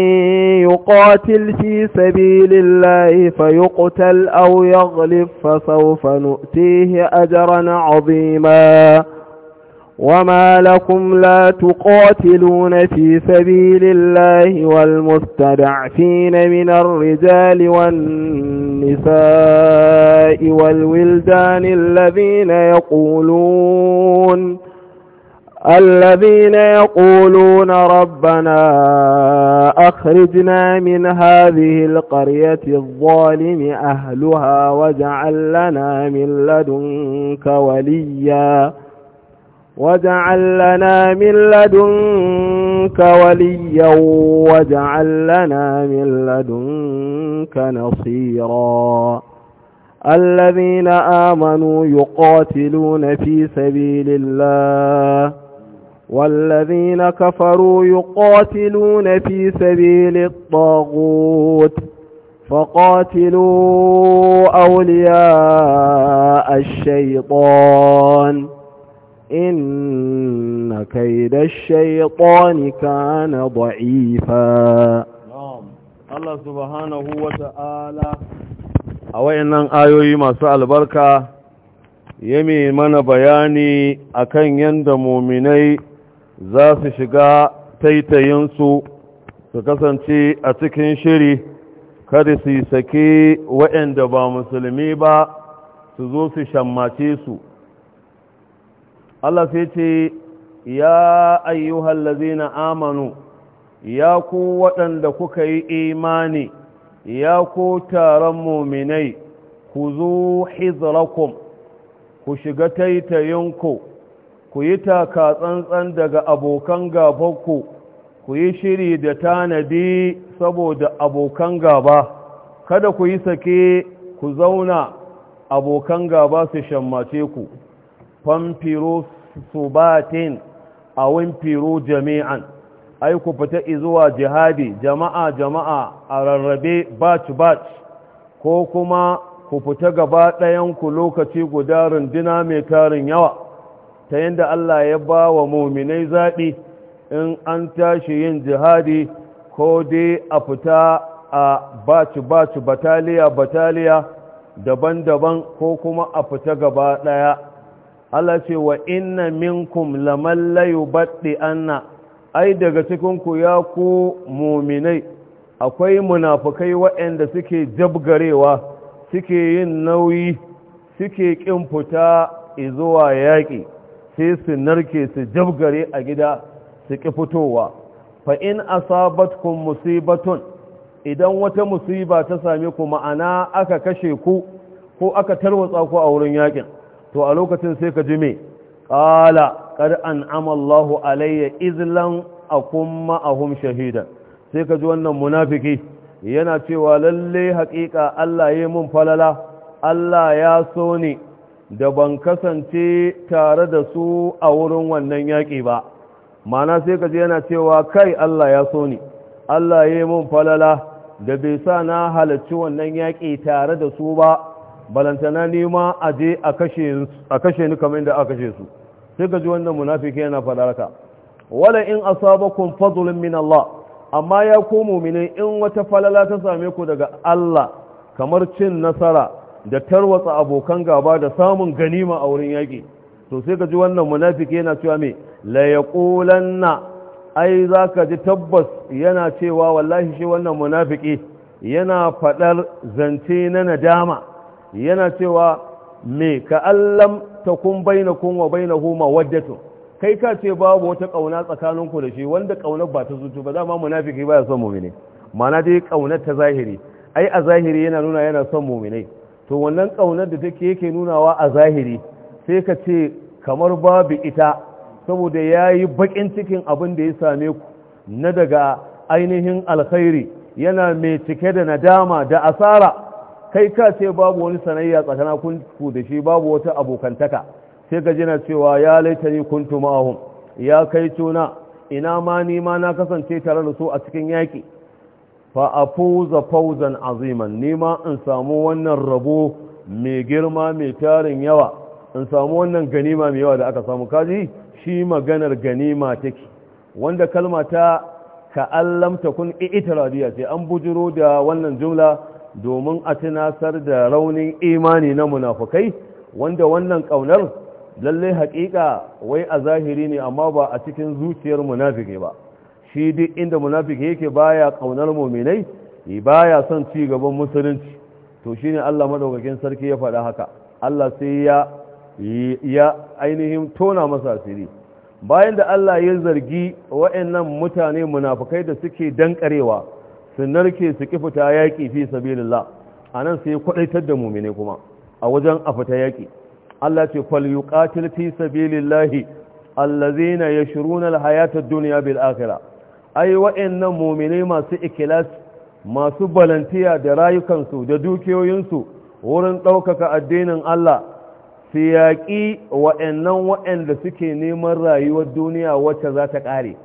يقاتل في سبيل الله فيقتل أو يغلب فسوف نؤتيه أجرا عظيماً وما لكم لا تقاتلون في سبيل الله والمستدعفين من الرجال والنساء والولدان الذين يقولون الذين يقولون ربنا أخرجنا من هذه القرية الظالم أهلها واجعل لنا من لدنك ولياً واجعل لنا من لدنك وليا واجعل لنا من لدنك نصيرا الذين آمنوا يقاتلون في سبيل الله والذين كفروا يقاتلون في سبيل الطاغوت فقاتلوا أولياء الشيطان إن كيد الشيطان كان ضعيفا نعم الله سبحانه وتعالى a wayannan ayoyi masu albarka mai mana bayani akan yadda muminai za su shiga taitayinsu su kasance a cikin shiri kada su sake waɗanda ba musulmi ba su zo su shammace su Allah sai ce ya ayyuhal lazina amanu ya ku waɗanda kuka yi imani ya ku taron muminai ku zo hizrakum ku shiga taitayinku ku yi taka tsantsan daga abokan gabanku ku yi shiri da tanadi saboda abokan gaba kada ku yi sake ku zauna abokan gaba su shammace ku fanfiro subatin a wamfiro jami'an ai ku fita izuwa jihadi jama'a jama'a a rarrabe batch batch ko kuma ku fita gaba ku lokaci guda rundina mai tarin yawa ta yadda Allah ya ba wa muminai zaɓi in an tashi yin jihadi ko dai a fita a batch-batch bataliya-bataliya daban-daban ko kuma a fita gaba ɗaya Allah ce wa inna minkum laman la anna ai daga cikin ku ya ku muminai akwai munafukai waɗanda suke jabgarewa suke yin nauyi suke kin fita zuwa yaƙi sai su narke su jabgare a gida su ƙi fitowa fa in asabatkum musibatun idan wata musiba ta same ku ma'ana aka kashe ku ko aka tarwatsa ku a wurin yaƙin to a lokacin sai ka ji me Ƙala. ƙar an amallahu alayya izlan akum hum shahida. sai ka ji wannan munafiki yana cewa lalle haƙiƙa Allah ya mun falala Allah ya so ni da ban kasance tare da su a wurin wannan yaƙi ba mana sai ka ji yana cewa kai Allah ya so ni Allah ya mun falala da bai sa na halarci wannan yaƙi tare da su ba balantana nema a je a kashe ni kamar da aka kashe su sai ka ji wannan munafiki yana fadaraka wala in asabakum fadlun min Allah amma ya ku muminin in wata falala ta same ku daga Allah kamar cin nasara da tarwatsa abokan gaba da samun ganima a wurin yaki, to sai ka ji wannan munafiki yana cewa me la yaqulanna ai zaka ji tabbas yana cewa wallahi shi wannan munafiki yana faɗar zance na nadama yana cewa me ka allam ta kun baina kun wa huma waddatu kai ka ce babu wata kauna tsakaninku da shi wanda kaunar ba ta zuci ba dama munafiki ya son mu'mini ma'ana dai kaunar ta zahiri ai a zahiri yana nuna yana son mu'minai to wannan kaunar da take yake nunawa a zahiri sai ka ce kamar babu ita saboda yayi bakin cikin abin da ya same ku na daga ainihin alkhairi yana mai cike da nadama da asara kai ka ce babu wani sanayya tsakanin kun ku da shi babu wata abokantaka sai ka jina cewa ya laitani kuntu ma'ahum ya kai tuna ina ma ni ma na kasance tare da su a cikin yaki fa afuza fawzan aziman ni ma in samu wannan rabo mai girma mai tarin yawa in samu wannan ganima mai yawa da aka samu kaji shi maganar ganima take wanda kalma ta ka'allam ta kun i'tiradiya sai an bujiro da wannan jumla domin a tunasar da raunin imani na munafukai wanda wannan ƙaunar lallai haƙiƙa wai a zahiri ne amma ba a cikin zuciyar munafiki ba shi duk inda munafiki yake baya ƙaunar muminai baya son ci gaban musulunci to shi ne Allah madaukakin sarki ya faɗa haka Allah sai ya ainihin tona masa siri bayan da Allah ya zargi waɗannan mutane munafukai da suke dankarewa su narke su ƙi fita yaƙi fi sabilillah a nan sai kwaɗaitar da mumine kuma a wajen a fita yaƙi Allah ce fal yuqatil fi sabilillahi allazina yashruna alhayatad dunya bil akhirah ai wa'annan mumine masu ikilas masu balantiya da rayukansu da dukiyoyinsu wurin ɗaukaka addinin Allah su yaƙi wa'annan wa'anda suke neman rayuwar duniya wacce za ta ƙare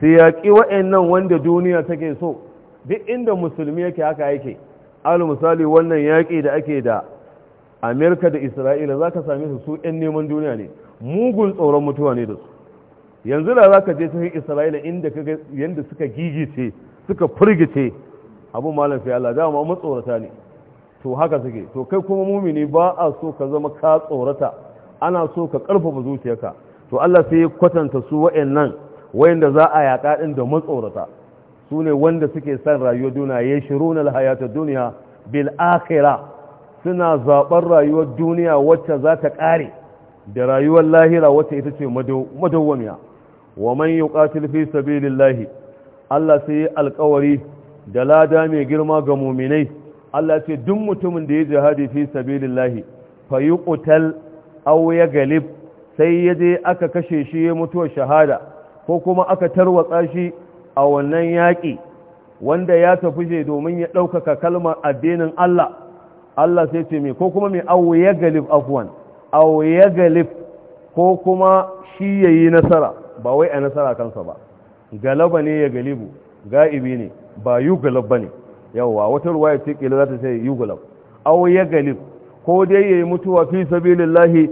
su yaƙi wa'annan wanda duniya take so duk inda musulmi yake haka yake alu misali wannan yaƙi da ake da amerika da isra'ila za ka same su su 'yan neman duniya ne mugun tsoron mutuwa ne da su yanzu da za ka je cikin isra'ila inda kaga yadda suka gigice suka firgice abu malam fi Allah dama matsorata ne to haka suke to kai kuma mumini ba a so ka zama ka tsorata ana so ka karfafa zuciyarka to Allah sai ya kwatanta su wa'annan wayanda za a yaƙa din da mu tsorata. su ne wanda suke son rayuwar duniya ya shiru na hayata duniya bil akhira suna zaɓar rayuwar duniya wacce za ta ƙare da rayuwar lahira wacce ita ce madawwamiya wa man yuqatil fi sabilillahi Allah sai alkawari da lada mai girma ga muminai Allah ce duk mutumin da ya jihadi fi sabilillahi fa yuqtal aw ya galib sai ya je aka kashe shi ya mutuwa shahada ko kuma aka tarwatsa shi a wannan yaƙi wanda ya tafi shi domin ya ɗaukaka kalmar addinin Allah Allah sai ce mai ko kuma mai awo ya galif afuwan awo ya galif ko kuma shi ya yi nasara ba wai a nasara kansa ba galaba ne ya galibu ga'ibi ne ba yi galab ba ne yawwa wata ruwa ya ce ƙila za ta sai yi galab awo ya galif ko dai ya yi mutuwa fi lillahi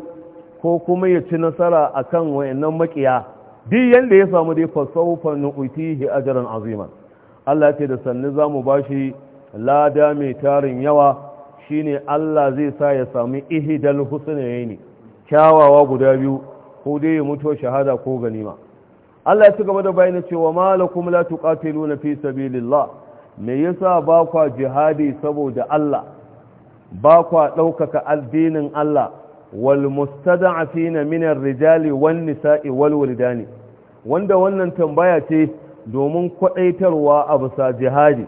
ko kuma ya ci nasara a kan wayannan makiya duk yanda ya samu dai fasaufa nu'tihi ajiyar azima Allah ce da sannu zamu shi lada mai tarin yawa shine Allah zai sa ya sami ihi yayi ne kyawawa guda biyu ko dai ya mutu shahada ko ganima Allah ya ci gaba da bayyana cewa malakum la tuqatiluna fi sabilillah me yasa ba kwa jihadi saboda Allah ba kwa ɗaukaka addinin Allah والمستضعفين من الرجال والنساء rijali wanda wannan tambaya ce domin kwadaitarwa a bisa jihadi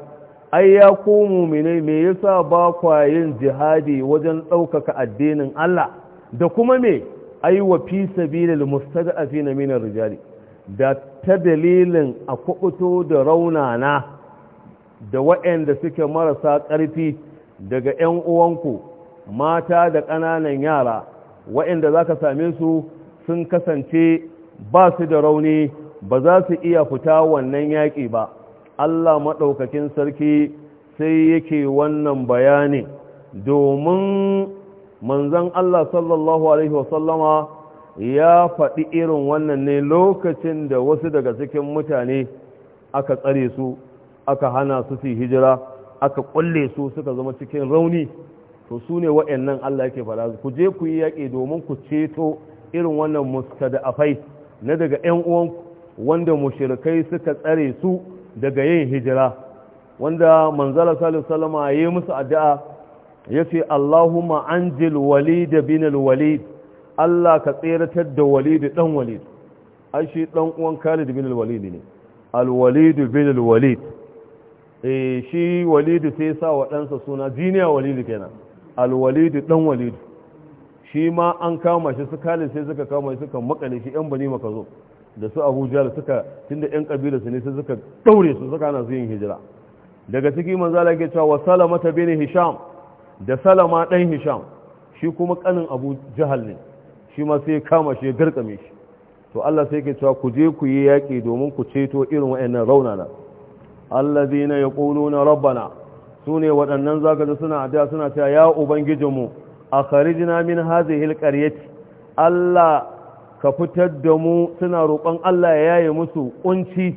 ai ya ku mumini me yasa ba kwa yin jihadi wajen ɗaukaka addinin Allah da kuma me ai wa fi sabilil mustada'afina min ar-rijali da ta dalilin a kubuto da raunana da waɗanda suke marasa ƙarfi daga ƴan uwanku mata da ƙananan yara waɗanda za ka same su sun kasance ba su da rauni ba za su iya fita wannan yaƙi ba Allah maɗaukakin sarki sai yake wannan bayani domin manzan Allah sallallahu Alaihi wasallama ya faɗi irin wannan ne lokacin da wasu daga cikin mutane aka tsare su aka hana su su hijira aka ƙulle su suka zama cikin rauni to su ne waɗannan Allah yake fara ku je ku yi yaƙi domin ku ceto irin wannan afai na daga ƴan uwanku wanda mushrikai suka tsare su daga yin hijira wanda manzala salihu salama ya yi musu addu'a ya ce Allahumma anjil walid bin walid Allah ka tseratar da walid dan walid ai shi dan uwan Khalid bin walid ne al-walid bin walid eh shi walid sai sa wa dansa suna jiniya walid kenan Alwalidi dan walidu shi ma an kama shi su kalin sai suka kama shi suka makale shi yan bani maka zo da su abuja da suka tunda yan kabila su ne sai suka daure su suka na hijira daga ciki Allah ke cewa wa salama ta bin hisham da salama dan hisham shi kuma kanin abu jahal ne shi ma sai kama shi ya garkame shi to Allah sai ke cewa ku je ku yi yaki domin ku ceto irin waɗannan raunana alladhina yaquluna rabbana su ne waɗannan za ka suna addu'a suna cewa ya ubangijinmu a kharijina min hazihil qaryati Allah ka fitar da mu suna roƙon Allah ya yaye musu ƙunci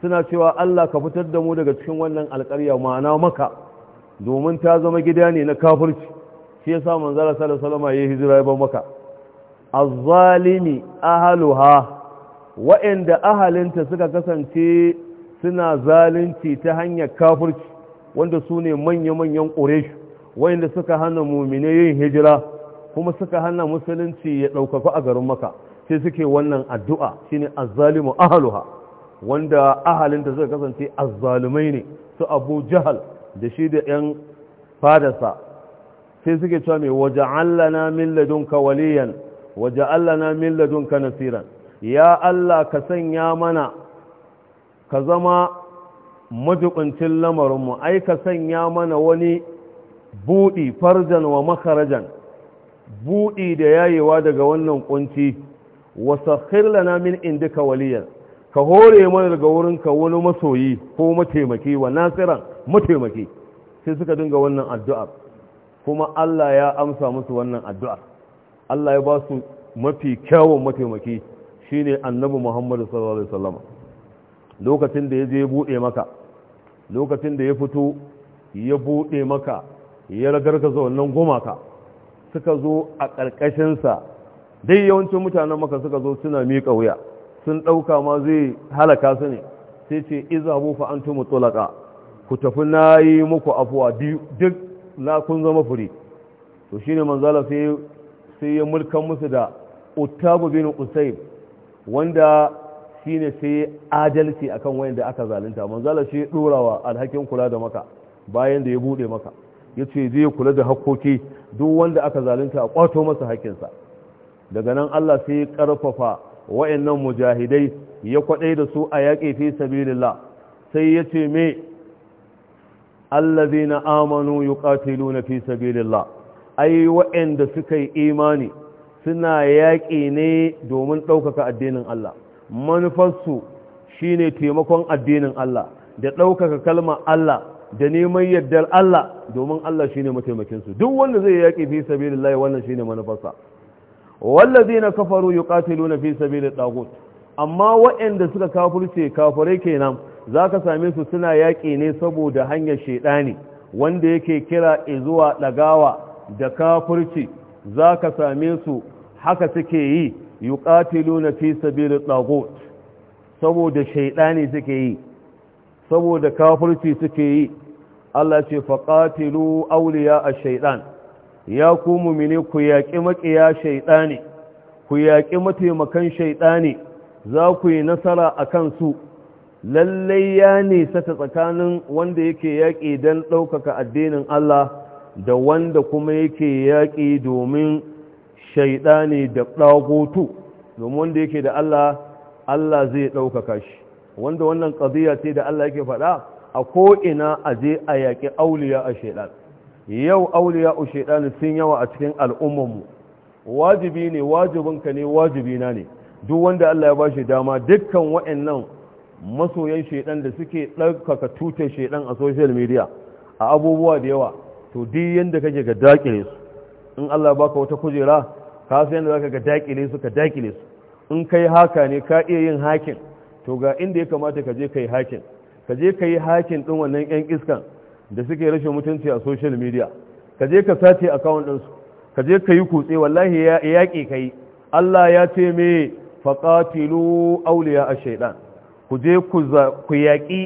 suna cewa Allah ka fitar da mu daga cikin wannan alƙarya ma'ana maka domin ta zama gida ne na kafirci shi yasa manzara sallallahu alaihi wasallam ya hijira ya ban maka azzalimi ahluha wa'inda ahalinta suka kasance suna zalunci ta hanyar kafirci wanda su ne manya-manyan ƙuresh wayanda suka hana mumine yin hijira kuma suka hana musulunci ya ɗaukaku a garin maka sai suke wannan addu'a shine azzalimu ahaluha wanda ahalinta suka kasance azzalumai ne su abu jihal da shi da 'yan fadarsa sai suke cewa mai waje na min ka waliyan waje allana min ka nasiran ya allah ka sanya mana ka zama majibincin lamarinmu ai ka sanya mana wani buɗi farjan wa makarajan buɗi da yayewa daga wannan kunci wasakhir lana min indika waliyar ka hore mana daga wurinka wani masoyi ko mataimaki wa nasiran mataimaki sai suka dinga wannan addu'ar kuma Allah ya amsa musu wannan addu'ar Allah ya ba su mafi kyawun mataimaki shine annabi Muhammadu sallallahu alaihi wasallam lokacin da ya je buɗe maka lokacin da ya fito ya buɗe maka ya ragargaza wannan gumaka suka zo a ƙarƙashinsa dai yawancin mutanen maka suka zo suna miƙa wuya sun ɗauka ma zai halaka su ne sai ce izabu fa an tumu tsulaka ku tafi na yi muku afuwa duk na kun zama fure to shi ne manzala sai ya mulkan musu da utabu bin usaim wanda shine sai adalci akan wanda aka zalunta manzala shi dorawa alhakin kula da maka bayan da ya bude maka yace zai kula da hakoki duk wanda aka zalunta a kwato masa sa daga nan Allah sai ya karfafa wayannan mujahidai ya kwadai da su a yaƙi fi sabilillah sai yace me allazina amanu yuqatiluna fi sabilillah ai wayanda suka yi imani suna yaƙi ne domin ɗaukaka addinin Allah manufarsu shine taimakon addinin Allah da ɗaukaka kalmar Allah da neman yardar Allah domin Allah shine mataimakinsu duk wanda zai yaƙi fi sabilillahi wannan shine manufarsa na kafaru yuqatiluna fi da taghut amma waɗanda suka kafurce kafurai kenan zaka same su suna yaƙi ne saboda hanyar shaiɗani wanda yake kira zuwa ɗagawa da za zaka same su haka suke yi na fi sabilit taghut saboda shaydani suke yi saboda kafirci suke yi Allah ce faqatilu awliya ash-shaytan ya ku mu'mini ku yaki makiya shaytani ku yaƙi mataimakan shaytani za ku yi nasara akan su lallai ya nisa ta tsakanin wanda yake yaƙi don ɗaukaka addinin Allah da wanda kuma yake yaƙi domin shaidani da ɗagotu domin wanda yake da Allah Allah zai ɗaukaka shi wanda wannan ƙaziyya ce da Allah yake faɗa a ko'ina a je a yaƙi auliya a shaiɗa yau auliya a shaidan sun yawa a cikin al'ummanmu wajibi ne wajibinka ne wajibina ne duk wanda Allah ya bashi dama dukkan wa'annan masoyan shaiɗan da suke ɗaukaka tutar shaiɗan a social media a abubuwa da yawa to duk yadda kake ga dakile su in Allah baka wata kujera ka san yadda zaka ga dakile su ka dakile su in kai haka ne ka iya yin hakin to ga inda ya kamata ka je kai hakin ka je kai hakin din wannan yan iskan da suke rashin mutunci a social media ka je ka sace account din su ka je ka yi kutse wallahi ya yaƙi kai Allah ya ce me faqatilu awliya ash-shaytan ku je ku yaƙi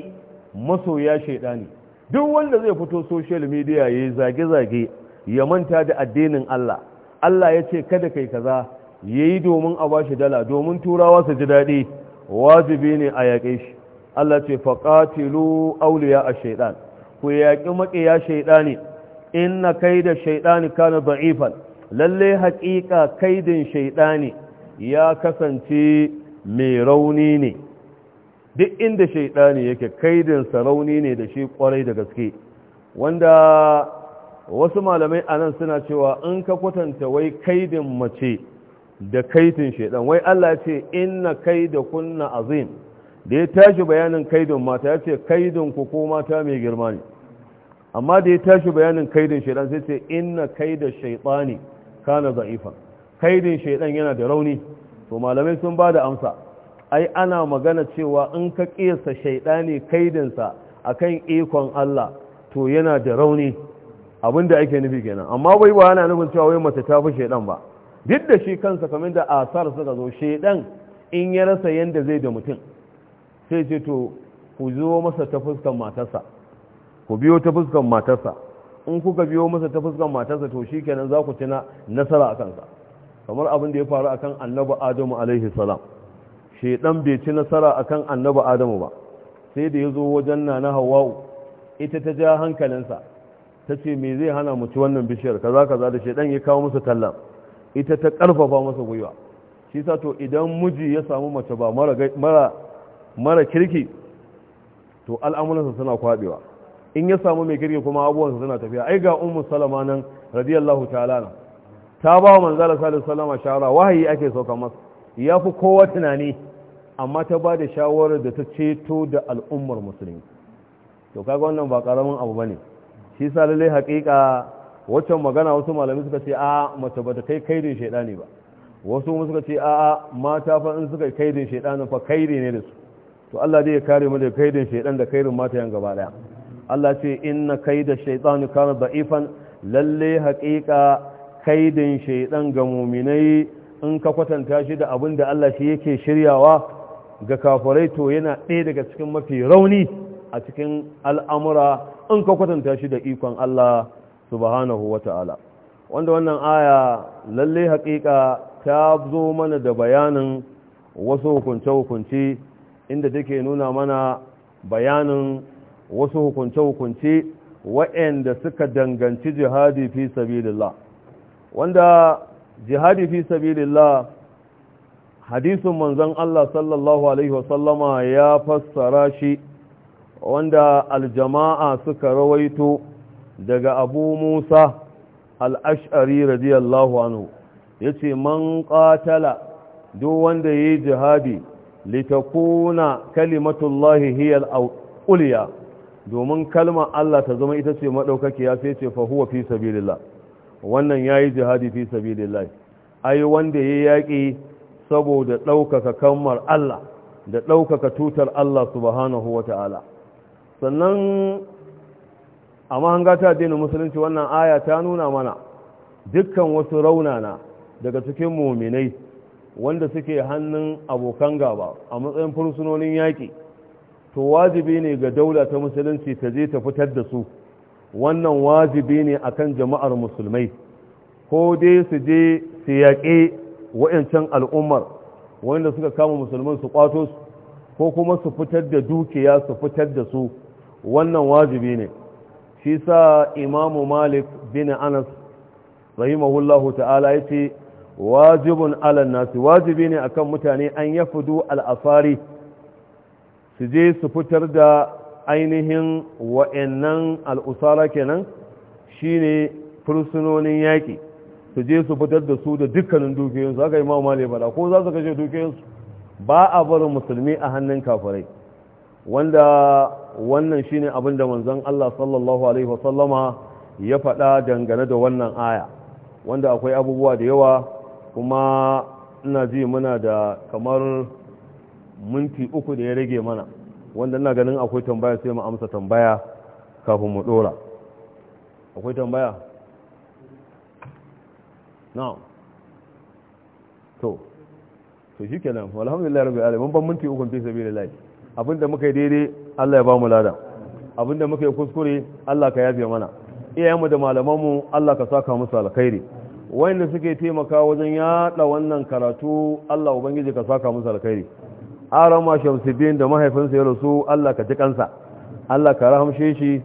masoya shaytani duk wanda zai fito social media yayi zage-zage ya manta da addinin Allah Allah ya ce kada kai kaza yayi domin a bashi dala domin turawa su ji daɗi wajibi ne a yaƙe shi Allah ce faqatilu awliya ash-shaytan ku yaƙi maƙiya shaytani inna kaida shaytani kana da'ifan lalle haƙiƙa kaidin shaytani ya kasance mai rauni ne duk inda shaiɗani yake kaidin rauni ne da shi kwarai da gaske wanda wasu malamai a nan suna cewa in ka kwatanta wai kaidin mace da kaidin shaidan wai Allah ya ce inna kaida kunna azim da ya tashi bayanin kaidin mata ya ce kaidin ku ko mata mai girma ne amma da ya tashi bayanin kaidin shaidan sai ce inna kaida shaitani kana za'ifa kaidin shaidan yana da rauni to malamai sun ba da amsa ai ana magana cewa in ka kiyasa shaidani kaidinsa akan ikon Allah to yana da rauni abin da ake nufi kenan amma wai ba yana nufin cewa wai mace ta fi shaidan ba duk da shi kansa kamar da asar suka zo shaidan in ya rasa yanda zai da mutum sai ce to ku zo masa ta fuskan matarsa ku biyo ta fuskan matarsa in kuka biyo masa ta fuskan matarsa to shi kenan za ku ci nasara a kansa kamar abin da ya faru akan annabi adamu alaihi salam shaidan bai ci nasara akan annabi adamu ba sai da ya zo wajen nana hawa'u ita ta ja hankalinsa ta ce me zai hana mu ci wannan bishiyar kaza kaza da shaidan ya kawo musu talla ita ta karfafa masa gwiwa shi sa to idan muji ya samu mace ba mara mara kirki to al'amuransa suna kwabewa in ya samu mai kirki kuma abubuwansa suna tafiya ai ga ummu salama nan radiyallahu ta'ala ta ba wa manzala sallallahu alaihi shawara wahayi ake sauka masa ya fi kowa tunani amma ta ba da shawarar da ta ceto da al'ummar musulmi to kaga wannan ba karamin abu bane shi sa lalle haƙiƙa waccan magana wasu malami suka ce a mace bata kai kaidin ne ba wasu mu suka ce a mata fa in suka kaidin shaidani fa kairi ne da su to Allah dai ya kare mu da kaidin shaidan da kairin mata yan gaba daya Allah ce inna kaida shaytani kana da'ifan lalle haƙiƙa kaidin shaidan ga mu'minai in ka kwatanta shi da abin da Allah shi yake shiryawa ga kafirai to yana ɗaya daga cikin mafi rauni a cikin al'amura in ka kwatanta shi da ikon Allah subhanahu wa ta'ala wanda wannan aya lalle haƙiƙa ta zo mana da bayanin wasu hukunce-hukunce inda take nuna mana bayanin wasu hukunce-hukunce waɗanda suka danganci jihadi fi sabilillah wanda jihadi fi sabilillah hadisin manzon Allah sallallahu alaihi wasallama ya fassara shi wanda aljama'a suka rawaito daga abu musa al'ash'ari radiyallahu anhu ya ce man ƙatala duk wanda ya yi jihadi litakuna kalimatullahi hiyar auliya domin kalma Allah ta zama ita ce ya sai ce fahuwa fi sabilillah wannan ya yi jihadi fi sabilillah ai wanda ya yaƙi saboda ɗaukaka kammar Allah da ɗaukaka tutar Allah subhanahu wa ta'ala sannan a mahanga ta dina musulunci wannan aya ta nuna mana dukkan wasu raunana daga cikin muminai wanda suke hannun abokan gaba a matsayin fursunonin yaƙi to wajibi ne ga daula ta musulunci ta je ta fitar da su wannan wajibi ne akan jama'ar musulmai ko dai su je su yaƙe wa'yancan al'ummar wanda suka kama musulman su kwato su ko kuma su fitar da dukiya su fitar da su wannan wajibi ne shi sa imamu malik bin anas rahimahullahu ta'ala ya ce wajibun alan nasu wajibi ne akan mutane an ya fudu al'afari su je su fitar da ainihin wa'annan al'usara kenan shine fursunonin yaƙi su je su fitar da su da dukkanin dukiyoyinsu aka imamu malik bada ko za su kashe dukiyoyinsu ba a bar musulmi a hannun kafirai wanda wannan ne abin da manzan Allah sallallahu alaihi wasallama ya faɗa dangane da wannan aya wanda akwai abubuwa da yawa kuma ina ji muna da kamar minti uku da ya rage mana wanda ina ganin akwai tambaya sai mu amsa tambaya kafin mu ɗora akwai tambaya na'am to to shikenan alhamdulillah rabbil mun ban minti uku fi sabilillah abinda muka yi daidai Allah ya ba mu lada abinda muka yi kuskure Allah ka yafe mana iyayenmu da malamanmu Allah ka saka musu alkhairi wanda suke taimaka wajen yada wannan karatu Allah ubangiji ka saka musu alkhairi arama shamsuddin da mahaifinsa ya rasu Allah ka ji kansa Allah ka rahamshe shi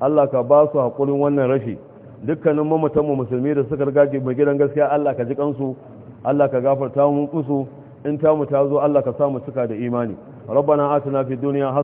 Allah ka ba su hakurin wannan rashi dukkanin mamatanmu musulmi da suka riga mai gidan gaskiya Allah ka ji kansu Allah ka gafarta mu kusu in tamu ta zo Allah ka samu cika da imani rabbana atina fid dunya